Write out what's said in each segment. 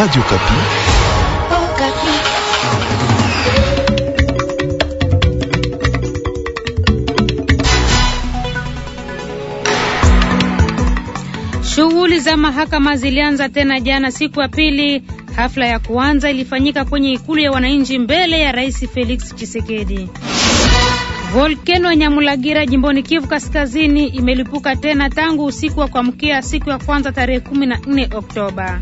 Radio Kapi. Oh, Kapi. Shughuli za mahakama zilianza tena jana siku ya pili. Hafla ya kuanza ilifanyika kwenye ikulu ya wananchi mbele ya Rais Felix Tshisekedi. Volkeno ya Nyamulagira jimboni Kivu Kaskazini imelipuka tena tangu usiku wa kuamkia siku ya kwanza tarehe 14 Oktoba.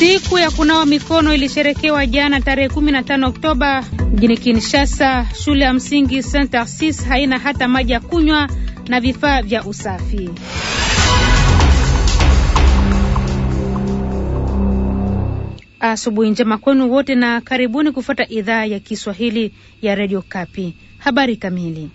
Siku ya kunawa mikono ilisherekewa jana tarehe 15 Oktoba mjini Kinshasa. Shule ya msingi Saint Arsis haina hata maji ya kunywa na vifaa vya usafi. Asubuhi njema kwenu wote na karibuni kufuata idhaa ya Kiswahili ya Radio Kapi. Habari kamili.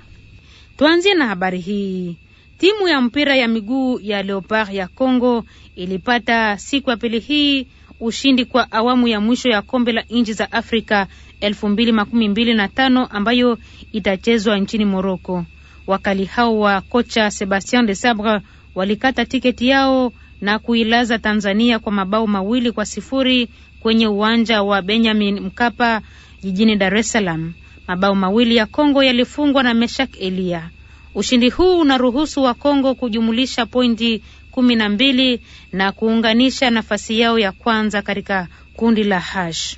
Tuanzie na habari hii. Timu ya mpira ya miguu ya Leopard ya Congo ilipata siku ya pili hii ushindi kwa awamu ya mwisho ya kombe la nchi za Afrika 2025 ambayo itachezwa nchini Moroko. Wakali hao wa kocha Sebastien de Sabre walikata tiketi yao na kuilaza Tanzania kwa mabao mawili kwa sifuri kwenye uwanja wa Benjamin Mkapa jijini Dar es Salaam. Mabao mawili ya Kongo yalifungwa na Meshak Elia. Ushindi huu unaruhusu wa Kongo kujumulisha pointi kumi na mbili na kuunganisha nafasi yao ya kwanza katika kundi la Hash.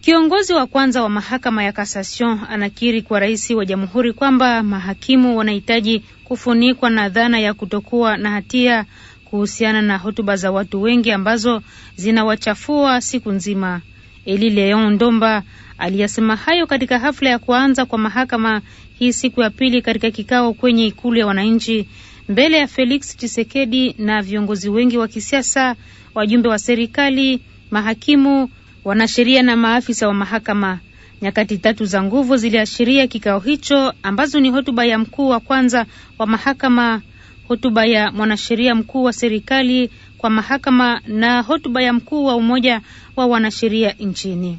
Kiongozi wa kwanza wa mahakama ya Kasasion anakiri kwa rais wa jamhuri kwamba mahakimu wanahitaji kufunikwa na dhana ya kutokuwa na hatia kuhusiana na hotuba za watu wengi ambazo zinawachafua siku nzima. Eli Leon Ndomba aliyasema hayo katika hafla ya kuanza kwa mahakama hii siku ya pili katika kikao kwenye ikulu ya wananchi mbele ya Felix chisekedi na viongozi wengi wa kisiasa, wajumbe wa serikali, mahakimu, wanasheria na maafisa wa mahakama. Nyakati tatu za nguvu ziliashiria kikao hicho ambazo ni hotuba ya mkuu wa kwanza wa mahakama, hotuba ya mwanasheria mkuu wa serikali kwa mahakama na hotuba ya mkuu wa umoja wa wanasheria nchini.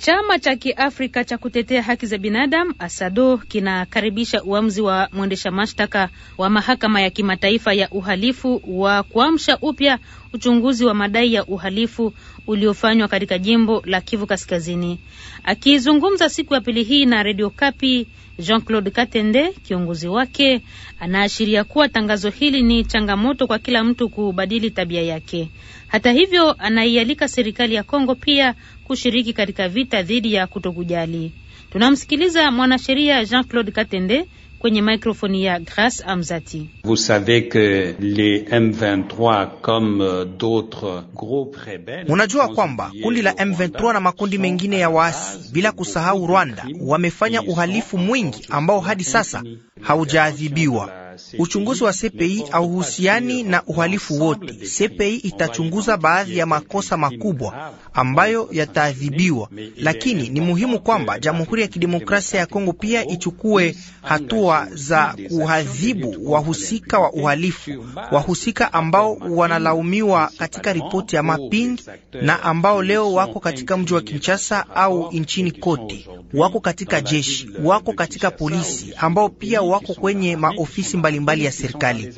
Chama cha Kiafrika cha kutetea haki za binadamu ASADO kinakaribisha uamuzi wa mwendesha mashtaka wa mahakama ya kimataifa ya uhalifu wa kuamsha upya uchunguzi wa madai ya uhalifu uliofanywa katika jimbo la Kivu Kaskazini. Akizungumza siku ya pili hii na Radio Kapi, Jean-Claude Katende, kiongozi wake, anaashiria kuwa tangazo hili ni changamoto kwa kila mtu kubadili tabia yake. Hata hivyo, anaialika serikali ya Kongo pia kushiriki katika vita dhidi ya kutokujali. Tunamsikiliza mwanasheria Jean-Claude Katende kwenye mikrofoni ya Grace Amzati. Vous savez que les M23 comme euh, d'autres groupes rebelles, munajua kwamba kundi la M23 na makundi mengine ya waasi bila kusahau Rwanda wamefanya uhalifu mwingi ambao hadi sasa haujaadhibiwa. Uchunguzi wa CPI hauhusiani na uhalifu wote. CPI itachunguza baadhi ya makosa makubwa ambayo yataadhibiwa, lakini ni muhimu kwamba Jamhuri ya Kidemokrasia ya Kongo pia ichukue hatua za kuadhibu wahusika wa uhalifu, wahusika ambao wanalaumiwa katika ripoti ya mapping na ambao leo wako katika mji wa Kinshasa au nchini kote, wako katika jeshi, wako katika polisi, ambao pia wako kwenye maofisi mbali mbalimbali ya serikali.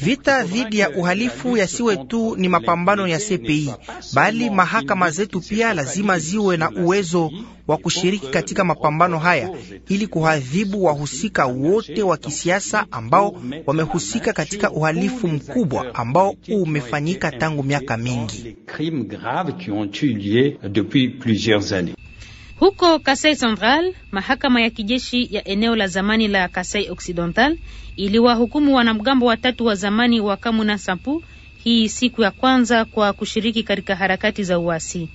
Vita dhidi ya uhalifu yasiwe tu ni mapambano ya CPI, bali mahakama zetu pia lazima ziwe na uwezo wa kushiriki katika mapambano haya ili kuadhibu wahusika wote wa kisiasa ambao wamehusika katika uhalifu mkubwa ambao umefanyika tangu miaka mingi. Huko Kasai Central, mahakama ya kijeshi ya eneo la zamani la Kasai Occidental iliwahukumu wanamgambo watatu wa zamani wa Kamuna Sampu hii siku ya kwanza kwa kushiriki katika harakati za uasi.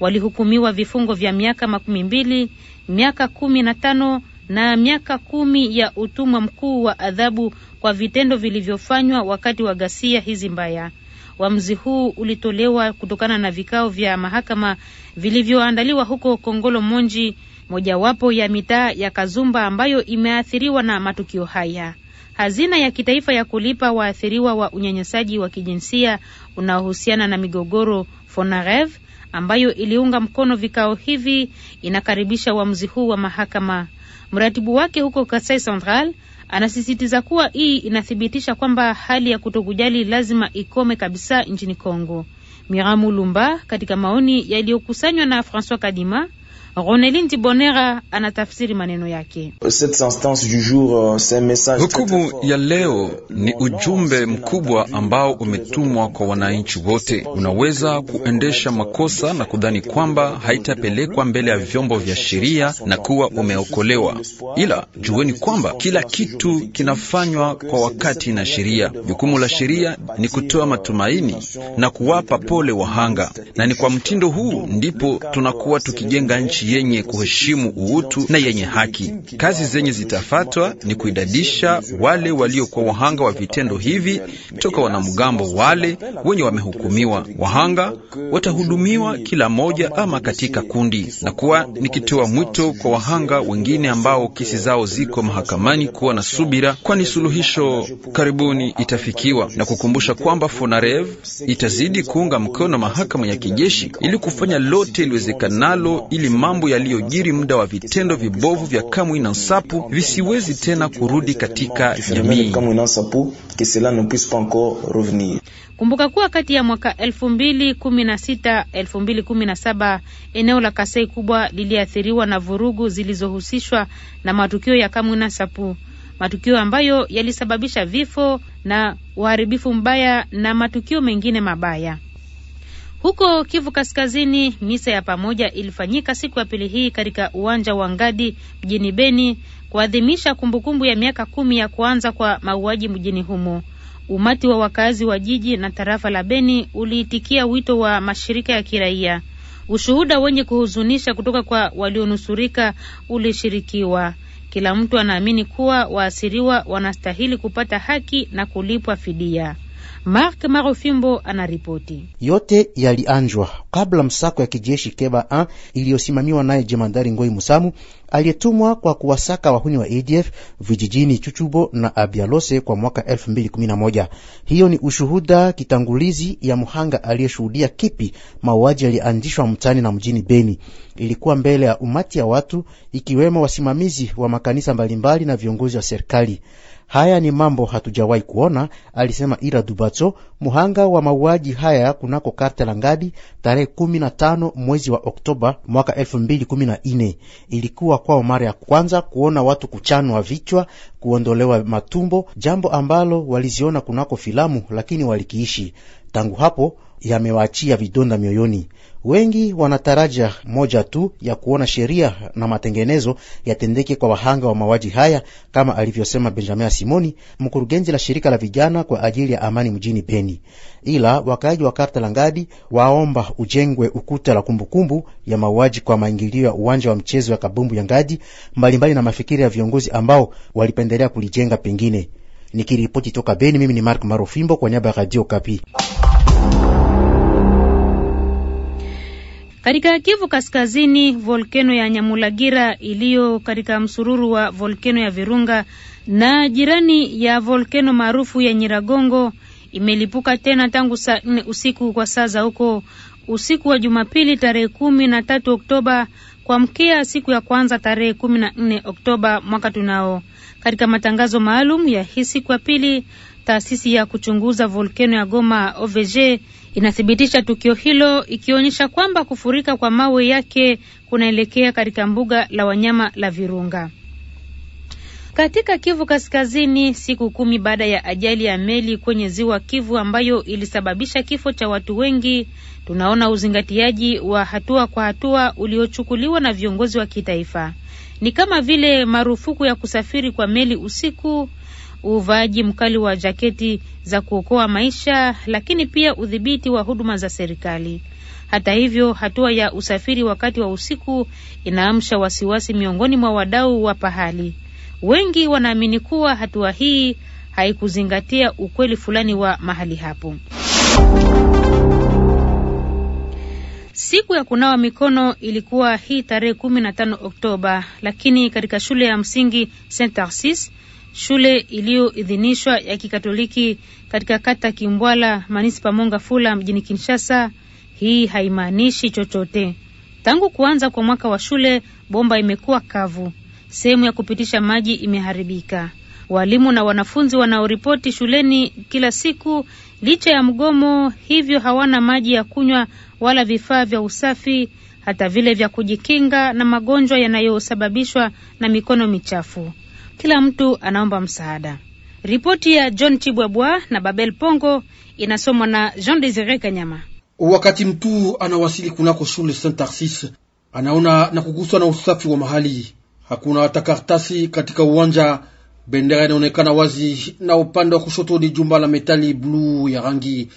Walihukumiwa vifungo vya miaka makumi mbili, miaka kumi na tano na miaka kumi ya utumwa mkuu wa adhabu kwa vitendo vilivyofanywa wakati wa ghasia hizi mbaya. Uamuzi huu ulitolewa kutokana na vikao vya mahakama vilivyoandaliwa huko Kongolo Monji, mojawapo ya mitaa ya Kazumba ambayo imeathiriwa na matukio haya. Hazina ya kitaifa ya kulipa waathiriwa wa unyanyasaji wa kijinsia unaohusiana na migogoro Fonarev, ambayo iliunga mkono vikao hivi, inakaribisha uamuzi huu wa mahakama. Mratibu wake huko Kasai Central Anasisitiza kuwa hii inathibitisha kwamba hali ya kutokujali lazima ikome kabisa nchini Kongo. Miramu Lumba katika maoni yaliyokusanywa na Francois Kadima Ronelin Tibonera anatafsiri maneno yake. Hukumu euh, ya leo euh, ni ujumbe mkubwa ambao umetumwa kwa wananchi wote. Unaweza kuendesha makosa na kudhani kwamba haitapelekwa mbele ya vyombo vya sheria na kuwa umeokolewa, ila jueni kwamba kila kitu kinafanywa kwa wakati na sheria. Jukumu la sheria ni kutoa matumaini na kuwapa pole wahanga, na ni kwa mtindo huu ndipo tunakuwa tukijenga nchi nchi yenye kuheshimu uutu na yenye haki. Kazi zenye zitafatwa ni kuidadisha wale waliokuwa wahanga wa vitendo hivi toka wanamgambo wale wenye wamehukumiwa. Wahanga watahudumiwa kila moja ama katika kundi, na kuwa nikitoa mwito kwa wahanga wengine ambao kesi zao ziko mahakamani kuwa na subira, kwani suluhisho karibuni itafikiwa, na kukumbusha kwamba FONAREV itazidi kuunga mkono mahakama ya kijeshi ili kufanya lote iliwezekanalo ili mama mambo yaliyojiri muda wa vitendo vibovu vya Kamwi na Nsapu visiwezi tena kurudi katika jamii. Kumbuka kuwa kati ya mwaka 2016 2017 eneo la Kasai kubwa liliathiriwa na vurugu zilizohusishwa na matukio ya Kamwi na Nsapu, matukio ambayo yalisababisha vifo na uharibifu mbaya na matukio mengine mabaya. Huko Kivu Kaskazini, misa ya pamoja ilifanyika siku ya pili hii katika uwanja wa Ngadi mjini Beni kuadhimisha kumbukumbu ya miaka kumi ya kuanza kwa mauaji mjini humo. Umati wa wakazi wa jiji na tarafa la Beni uliitikia wito wa mashirika ya kiraia. Ushuhuda wenye kuhuzunisha kutoka kwa walionusurika ulishirikiwa. Kila mtu anaamini kuwa waasiriwa wanastahili kupata haki na kulipwa fidia. Mark Marofimbo anaripoti. Yote yalianjwa kabla msako ya kijeshi Keba a iliyosimamiwa naye jemandari Ngoi Musamu aliyetumwa kwa kuwasaka wahuni wa ADF vijijini Chuchubo na Abialose kwa mwaka 2011. Hiyo ni ushuhuda kitangulizi ya muhanga aliyeshuhudia kipi mauaji yalianzishwa mtani na mjini Beni. Ilikuwa mbele ya umati ya watu, ikiwemo wasimamizi wa makanisa mbalimbali na viongozi wa serikali. Haya ni mambo hatujawahi kuona, alisema Ira Dubacho, muhanga wa mauaji haya kunako karte la Ngadi tarehe 15 mwezi wa Oktoba mwaka 2014. Ilikuwa kwao mara ya kwanza kuona watu kuchanwa vichwa, kuondolewa matumbo, jambo ambalo waliziona kunako filamu, lakini walikiishi. Tangu hapo yamewaachia vidonda mioyoni. Wengi wanataraja moja tu ya kuona sheria na matengenezo yatendeke kwa wahanga wa mauaji haya, kama alivyosema Benjamin Simoni, mkurugenzi la shirika la vijana kwa ajili ya amani mjini Beni. Ila wakaaji wa karta la Ngadi waomba ujengwe ukuta la kumbukumbu kumbu ya mauaji kwa maingilio ya uwanja wa mchezo ya kabumbu ya Ngadi, mbalimbali na mafikiri ya viongozi ambao walipendelea kulijenga pengine. Nikiripoti toka Beni, mimi ni Mark Marofimbo kwa niaba ya Radio Kapi. Katika Kivu Kaskazini, volkeno ya Nyamulagira iliyo katika msururu wa volkeno ya Virunga na jirani ya volkeno maarufu ya Nyiragongo imelipuka tena tangu saa nne usiku kwa saa za huko, usiku wa Jumapili tarehe kumi na tatu Oktoba kuamkia siku ya kwanza tarehe kumi na nne Oktoba mwaka tunao. Katika matangazo maalum ya hii siku ya pili, taasisi ya kuchunguza volkeno ya Goma OVG inathibitisha tukio hilo ikionyesha kwamba kufurika kwa mawe yake kunaelekea katika mbuga la wanyama la Virunga. Katika Kivu Kaskazini, siku kumi baada ya ajali ya meli kwenye ziwa Kivu ambayo ilisababisha kifo cha watu wengi, tunaona uzingatiaji wa hatua kwa hatua uliochukuliwa na viongozi wa kitaifa. Ni kama vile marufuku ya kusafiri kwa meli usiku, uvaaji mkali wa jaketi za kuokoa maisha, lakini pia udhibiti wa huduma za serikali. Hata hivyo, hatua ya usafiri wakati wa usiku inaamsha wasiwasi miongoni mwa wadau wa pahali. Wengi wanaamini kuwa hatua hii haikuzingatia ukweli fulani wa mahali hapo. Siku ya kunawa mikono ilikuwa hii tarehe kumi na tano Oktoba, lakini katika shule ya msingi Saint Arsis shule iliyoidhinishwa ya Kikatoliki katika kata Kimbwala, manispa fula mjini Kinshasa. Hii haimaanishi chochote. Tangu kuanza kwa mwaka wa shule, bomba imekuwa kavu, sehemu ya kupitisha maji imeharibika. Walimu na wanafunzi wanaoripoti shuleni kila siku, licha ya mgomo, hivyo hawana maji ya kunywa wala vifaa vya usafi, hata vile vya kujikinga na magonjwa yanayosababishwa na mikono michafu kila mtu anaomba msaada. Ripoti ya John Chibwabwa na Babel Pongo inasomwa na Jean Desire Kanyama. Wakati mtu anawasili kunako shule Saint Tarsis, anaona na kuguswa na usafi wa mahali. Hakuna hata karatasi katika uwanja. Bendera inaonekana wazi, na upande wa kushoto ni jumba la metali bluu ya rangi,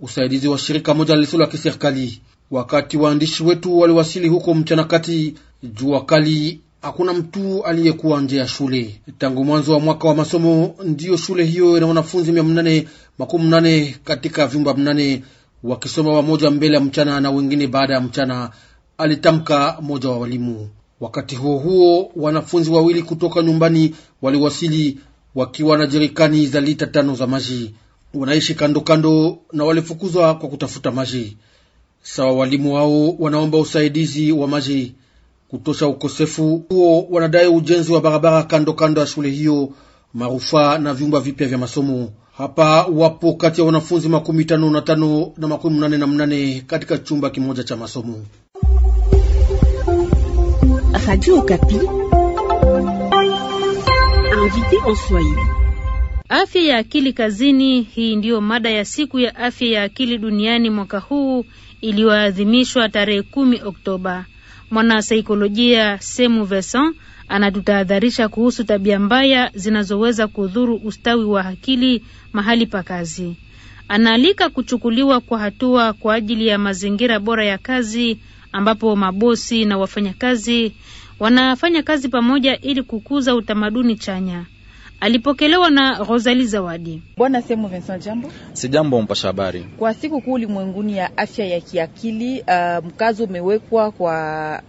usaidizi wa shirika moja lisilo la kiserikali. Wakati waandishi wetu waliwasili huko mchana kati, jua kali hakuna mtu aliyekuwa nje ya shule tangu mwanzo wa mwaka wa masomo. Ndiyo shule hiyo ina wanafunzi mia mnane makumi mnane katika vyumba mnane wakisoma wamoja mbele ya mchana na wengine baada ya mchana, alitamka mmoja wa walimu. Wakati huo huo, wanafunzi wawili kutoka nyumbani waliwasili wakiwa na jerikani za lita tano za maji. Wanaishi kando kando na walifukuzwa kwa kutafuta maji. Sawa, walimu wao wanaomba usaidizi wa maji kutosha ukosefu huo, wanadai ujenzi wa barabara kando kando ya shule hiyo, marufa na vyumba vipya vya masomo. Hapa wapo kati ya wanafunzi makumi tano na tano na makumi mnane na mnane katika chumba kimoja cha masomo. Afya ya akili kazini, hii ndiyo mada ya siku ya afya ya akili duniani mwaka huu iliyoadhimishwa tarehe kumi Oktoba. Mwanasaikolojia Semu Vesan anatutahadharisha kuhusu tabia mbaya zinazoweza kudhuru ustawi wa akili mahali pa kazi. Anaalika kuchukuliwa kwa hatua kwa ajili ya mazingira bora ya kazi ambapo mabosi na wafanyakazi wanafanya kazi pamoja ili kukuza utamaduni chanya alipokelewa na Rosali Zawadi. Bwana Semu Vincent, jambo. Si jambo, mpasha habari. Kwa siku kuu ulimwenguni ya afya ya kiakili, uh, mkazo umewekwa kwa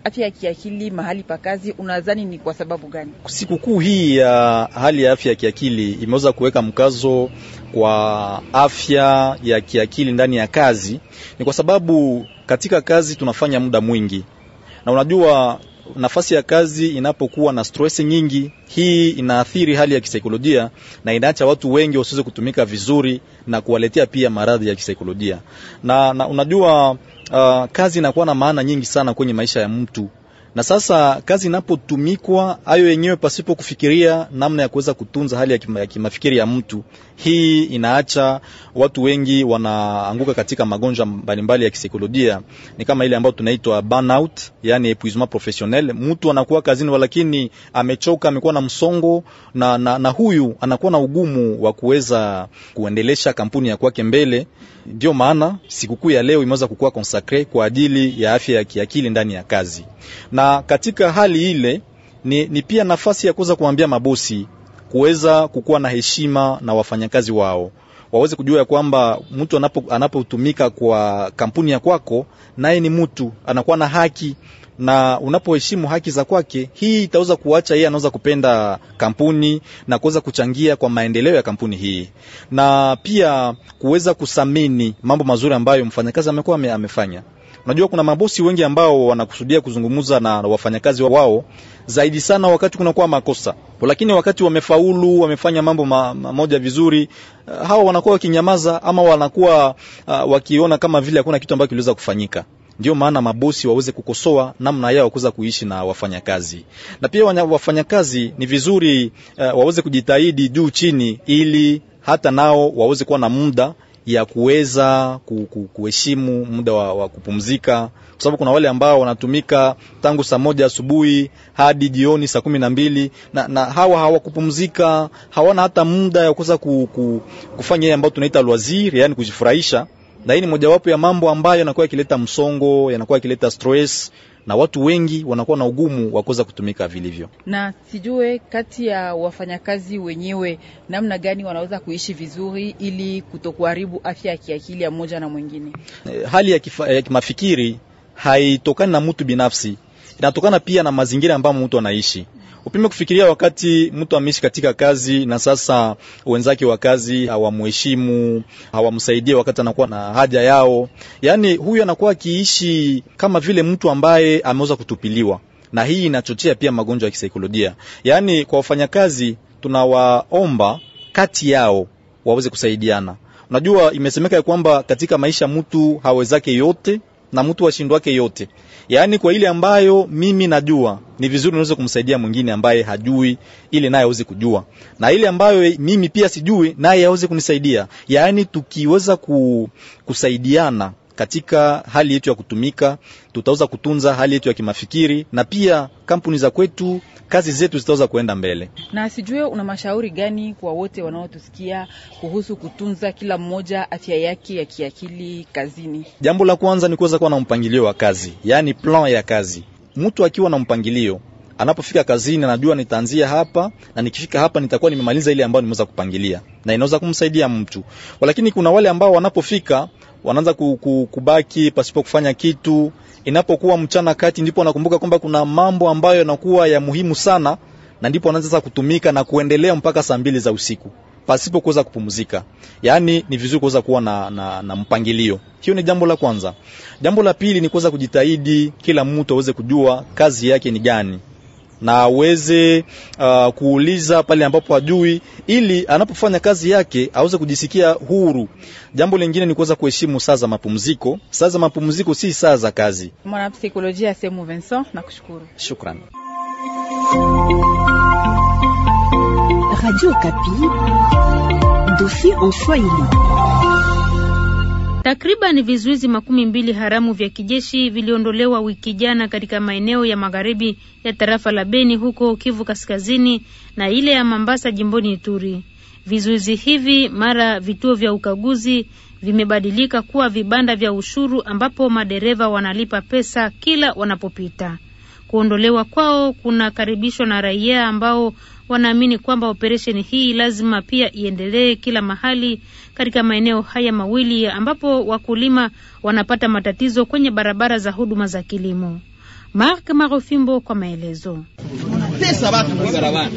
afya ya kiakili mahali pa kazi, unadhani ni kwa sababu gani? Siku kuu hii ya uh, hali ya afya ya kiakili imeweza kuweka mkazo kwa afya ya kiakili ndani ya kazi, ni kwa sababu katika kazi tunafanya muda mwingi na unajua nafasi ya kazi inapokuwa na stress nyingi, hii inaathiri hali ya kisaikolojia na inaacha watu wengi wasiweze kutumika vizuri na kuwaletea pia maradhi ya kisaikolojia na, na unajua uh, kazi inakuwa na maana nyingi sana kwenye maisha ya mtu na sasa kazi inapotumikwa ayo yenyewe pasipo kufikiria namna ya kuweza kutunza hali ya, kima, ya kimafikiri ya mtu, hii inaacha watu wengi wanaanguka katika magonjwa mbalimbali ya kisaikolojia, ni kama ile ambayo tunaitwa burnout, yani epuisement professionnel. Mtu anakuwa kazini, walakini amechoka, amekuwa na msongo na, na, na huyu anakuwa na ugumu wa kuweza kuendelesha kampuni ya kwake mbele Ndiyo maana sikukuu ya leo imeweza kukuwa konsakre kwa ajili ya afya ya kiakili ndani ya kazi, na katika hali ile ni, ni pia nafasi ya kuweza kuambia mabosi kuweza kukuwa na heshima na wafanyakazi wao waweze kujua ya kwamba mtu anapotumika anapo kwa kampuni ya kwako, naye ni mtu anakuwa na haki na unapoheshimu haki za kwake, hii itaweza kuacha yeye anaweza kupenda kampuni na kuweza kuchangia kwa maendeleo ya kampuni hii, na pia kuweza kusamini mambo mazuri ambayo mfanyakazi amekuwa amefanya. Unajua, kuna mabosi wengi ambao wanakusudia kuzungumza na wafanyakazi wao zaidi sana wakati kunakuwa makosa, lakini wakati wamefaulu, wamefanya mambo ma, moja vizuri, hawa wanakuwa wakinyamaza ama wanakuwa uh, wakiona kama vile hakuna kitu ambacho kiliweza kufanyika. Ndio maana mabosi waweze kukosoa namna yao kuweza kuishi na wafanyakazi, na pia wafanyakazi ni vizuri uh, waweze kujitahidi juu chini, ili hata nao waweze kuwa na muda ya kuweza kuheshimu muda wa, wa kupumzika, kwa sababu kuna wale ambao wanatumika tangu saa moja asubuhi hadi jioni saa kumi na mbili na, na hawa hawakupumzika, hawana hata muda ya kuweza kufanya ile ambayo tunaita loisir, yaani kujifurahisha na hii ni mojawapo ya mambo ambayo yanakuwa yakileta msongo, yanakuwa yakileta stress na watu wengi wanakuwa na ugumu wa kuweza kutumika vilivyo. Na sijue kati ya wafanyakazi wenyewe namna gani wanaweza kuishi vizuri ili kutokuharibu afya ya kiakili ya mmoja na mwingine. Eh, hali ya, kifa, ya kimafikiri haitokani na mtu binafsi, inatokana pia na mazingira ambayo mtu anaishi. Upime kufikiria wakati mtu ameishi katika kazi na sasa wenzake wa kazi hawamheshimu, hawamsaidie wakati anakuwa na haja yao, yaani huyu anakuwa akiishi kama vile mtu ambaye ameweza kutupiliwa, na hii inachochea pia magonjwa ya kisaikolojia. Yaani kwa wafanyakazi tunawaomba kati yao waweze kusaidiana. Unajua, imesemeka ya kwamba katika maisha mtu hawezake yote na mtu washindwake yote yaani kwa ile ambayo mimi najua ni vizuri niweze kumsaidia mwingine ambaye hajui ili naye aweze kujua, na ile ambayo mimi pia sijui naye aweze kunisaidia. Yaani tukiweza ku, kusaidiana katika hali yetu ya kutumika, tutaweza kutunza hali yetu ya kimafikiri na pia kampuni za kwetu, kazi zetu zitaweza kuenda mbele. Na sijue una mashauri gani kwa wote wanaotusikia kuhusu kutunza kila mmoja afya yake ya kiakili kazini? Jambo la kwanza ni kuweza kuwa na mpangilio wa kazi, yaani plan ya kazi. Mtu akiwa na mpangilio anapofika kazini anajua nitaanzia hapa na nikifika hapa nitakuwa nimemaliza ile ambayo nimeweza kupangilia, na inaweza kumsaidia mtu. Lakini kuna wale ambao wanapofika wanaanza kubaki pasipo kufanya kitu. Inapokuwa mchana kati, ndipo wanakumbuka kwamba kuna mambo ambayo yanakuwa ya muhimu sana, na ndipo wanaanza sasa kutumika na kuendelea mpaka saa mbili za usiku pasipo kuweza kupumzika. Yaani ni vizuri kuweza kuwa na, na, na mpangilio. Hiyo ni jambo la kwanza. Jambo la pili ni kuweza kujitahidi, kila mtu aweze kujua kazi yake ni gani na aweze uh, kuuliza pale ambapo hajui, ili anapofanya kazi yake aweze kujisikia huru. Jambo lingine ni kuweza kuheshimu saa za mapumziko. Saa za mapumziko si saa za kazi. Mwanapsikolojia Semu Vincent, nakushukuru. Shukran. Radio Kapi, dofi en Swahili. Takriban vizuizi makumi mbili haramu vya kijeshi viliondolewa wiki jana katika maeneo ya magharibi ya tarafa la Beni huko Kivu Kaskazini na ile ya Mambasa jimboni Ituri. Vizuizi hivi mara vituo vya ukaguzi vimebadilika kuwa vibanda vya ushuru ambapo madereva wanalipa pesa kila wanapopita. Kuondolewa kwao kunakaribishwa na raia ambao wanaamini kwamba operesheni hii lazima pia iendelee kila mahali katika maeneo haya mawili ambapo wakulima wanapata matatizo kwenye barabara za huduma za kilimo. Mark Marofimbo kwa maelezo pesa batu mwibarabara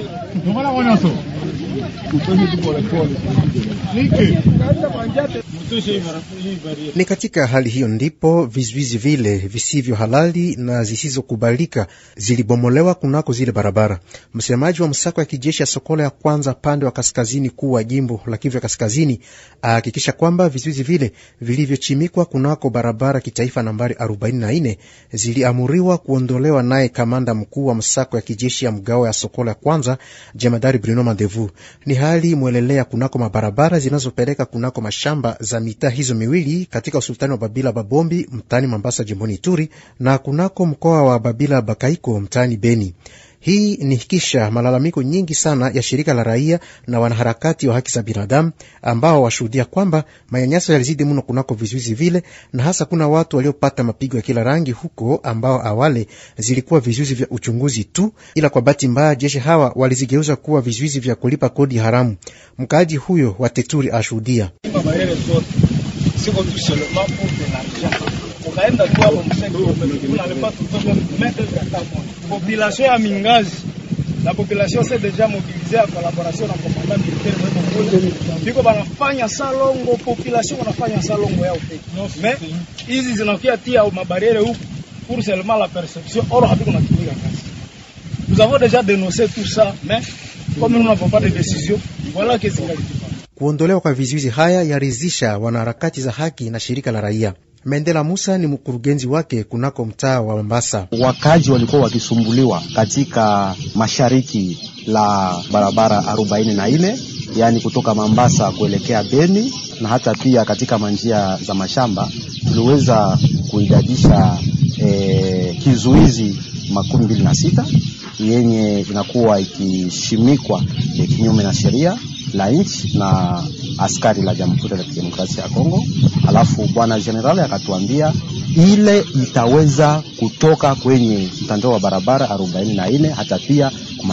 ni katika hali hiyo ndipo vizuizi vile visivyo halali na zisizokubalika zilibomolewa kunako zile barabara. Msemaji wa msako ya kijeshi ya Sokola ya kwanza pande wa kaskazini kuu wa jimbo la Kivu ya kaskazini ahakikisha kwamba vizuizi vile vilivyochimikwa kunako barabara kitaifa nambari 44 ziliamuriwa kuondolewa, naye kamanda mkuu wa msako ya kijeshi ya mgao ya Sokola ya kwanza, jemadari Bruno Mandevu. Ni hali mwelelea kunako mabarabara zinazopeleka kunako mashamba za mitaa hizo miwili katika usultani wa Babila Babombi mtaani Mambasa, jimboni Ituri, na kunako mkoa wa Babila Bakaiko mtaani Beni. Hii ni kisha malalamiko nyingi sana ya shirika la raia na wanaharakati wa haki za binadamu ambao washuhudia kwamba manyanyaso yalizidi mno kunako vizuizi vile, na hasa kuna watu waliopata mapigo ya kila rangi huko, ambao awali zilikuwa vizuizi vya uchunguzi tu, ila kwa bahati mbaya jeshi hawa walizigeuza kuwa vizuizi vya kulipa kodi haramu. Mkaaji huyo wa Teturi ashuhudia ukaenda tu hapo population ya Mingazi la population c'est déjà mobilisée en collaboration na commandant militaire Mwemokunde, biko banafanya salongo, population wanafanya salongo yao peke. Mais hizi zinakia tia mabariere huku pour seulement la perception, or habiko natumika kazi. Nous avons déjà dénoncé tout ça, mais comme nous n'avons pas de décision, voilà que zingalitipa. Kuondolewa kwa vizuizi haya yaridhisha wanaharakati za haki na shirika la raia. Mendela Musa ni mkurugenzi wake kunako mtaa wa Mombasa. Wakazi walikuwa wakisumbuliwa katika mashariki la barabara arobaini na nne yaani kutoka Mombasa kuelekea Beni na hata pia katika manjia za mashamba tuliweza kuidadisha e, kizuizi makumi mbili na sita yenye inakuwa ikishimikwa kinyume na sheria la nchi na askari la Jamhuri ya Kidemokrasia ya Kongo. Alafu bwana general akatuambia ile itaweza kutoka kwenye mtandao wa barabara 44 hata pia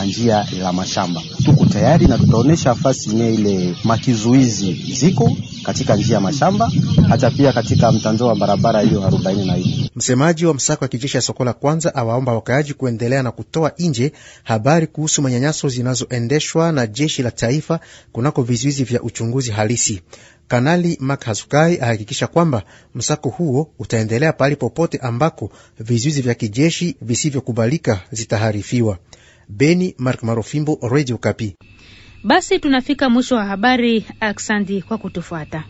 njia la mashamba. Tuko tayari na tutaonesha fasi yenye ile makizuizi ziko katika njia ya mashamba hata pia katika mtandao wa barabara hiyo 44. Msemaji wa msako ya kijeshi ya Sokola kwanza awaomba wakaaji kuendelea na kutoa nje habari kuhusu manyanyaso zinazoendeshwa na jeshi la taifa kunako vizuizi vya uchunguzi halisi. Kanali Mak Hasukai ahakikisha kwamba msako huo utaendelea pahali popote ambako vizuizi vya kijeshi visivyokubalika zitaharifiwa. Beni, Mark Marofimbo, Radio Kapi. Basi tunafika mwisho wa habari. Aksandi kwa kutufuata.